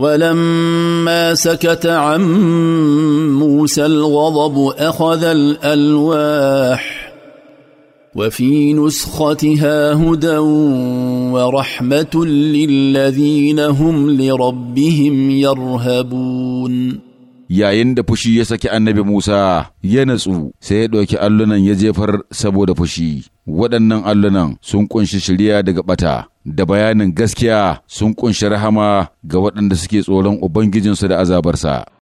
ولما سكت عن موسى الغضب اخذ الالواح وفي نسختها هدى ورحمه للذين هم لربهم يرهبون yayin da fushi ya saki annabi Musa ya natsu sai ya ɗauki allunan ya jefar saboda fushi. Waɗannan allunan sun ƙunshi shirya daga ɓata da bayanin gaskiya sun ƙunshi rahama ga waɗanda suke tsoron Ubangijinsu da azabarsa.